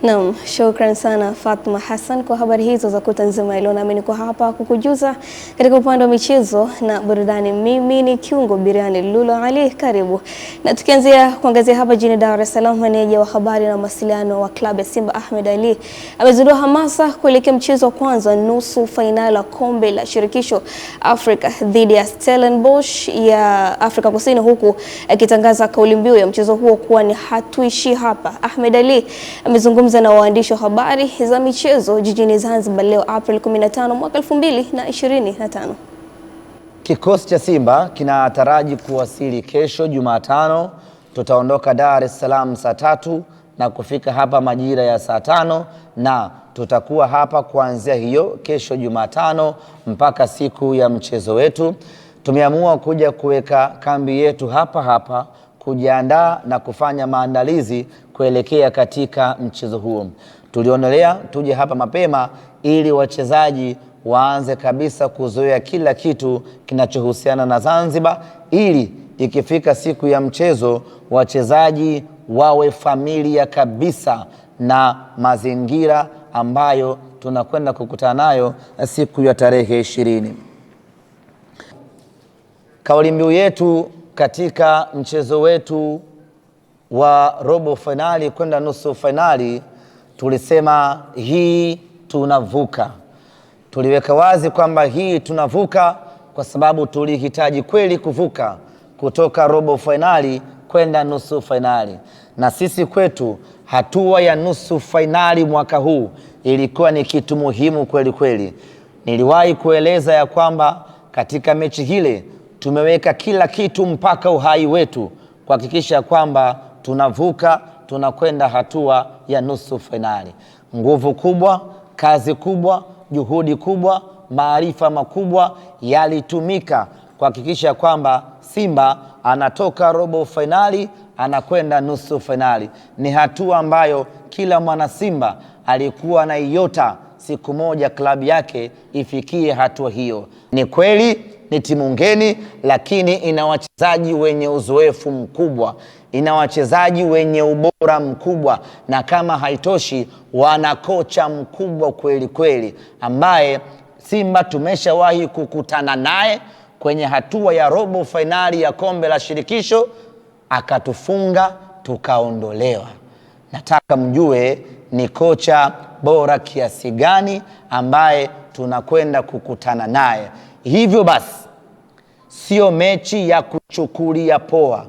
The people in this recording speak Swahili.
Naam, shukran sana Fatma Hassan kwa habari hizo za kuta nzima. Leo nami niko hapa kukujuza katika upande wa michezo na burudani. Mimi ni kiungo biriani Lulu Ali, karibu. Na tukianzia kuangazia hapa jijini Dar es Salaam, maneja wa habari na mawasiliano wa klabu ya Simba Ahmed Ali amezindua hamasa kuelekea mchezo wa kwanza nusu fainali ya kombe la shirikisho Afrika dhidi ya Stellenbosch ya Afrika Kusini, huku akitangaza kauli mbiu ya mchezo huo kuwa ni hatuishi hapa. Ahmed Ali amezungumza Akizungumza na waandishi wa habari za michezo jijini Zanzibar leo April 15 mwaka 2025, kikosi cha Simba kinataraji kuwasili kesho Jumatano. Tutaondoka Dar es Salaam saa tatu na kufika hapa majira ya saa tano na tutakuwa hapa kuanzia hiyo kesho Jumatano mpaka siku ya mchezo wetu. Tumeamua kuja kuweka kambi yetu hapa hapa kujiandaa na kufanya maandalizi kuelekea katika mchezo huo. Tulionelea tuje hapa mapema ili wachezaji waanze kabisa kuzoea kila kitu kinachohusiana na Zanzibar ili ikifika siku ya mchezo wachezaji wawe familia kabisa na mazingira ambayo tunakwenda kukutana nayo siku ya tarehe ishirini. Kauli mbiu yetu katika mchezo wetu wa robo fainali kwenda nusu fainali, tulisema hii tunavuka. Tuliweka wazi kwamba hii tunavuka kwa sababu tulihitaji kweli kuvuka kutoka robo fainali kwenda nusu fainali, na sisi kwetu hatua ya nusu fainali mwaka huu ilikuwa ni kitu muhimu kweli kweli. Niliwahi kueleza ya kwamba katika mechi hile tumeweka kila kitu mpaka uhai wetu kuhakikisha kwamba tunavuka tunakwenda hatua ya nusu fainali. Nguvu kubwa, kazi kubwa, juhudi kubwa, maarifa makubwa yalitumika kuhakikisha kwamba Simba anatoka robo fainali anakwenda nusu fainali. Ni hatua ambayo kila mwana Simba alikuwa na siku moja klabu yake ifikie hatua hiyo. Ni kweli ni timu ngeni, lakini ina wachezaji wenye uzoefu mkubwa, ina wachezaji wenye ubora mkubwa, na kama haitoshi, wana kocha mkubwa kweli kweli, ambaye Simba tumeshawahi kukutana naye kwenye hatua ya robo fainali ya kombe la shirikisho, akatufunga tukaondolewa. Nataka mjue ni kocha bora kiasi gani ambaye tunakwenda kukutana naye. Hivyo basi, sio mechi ya kuchukulia poa,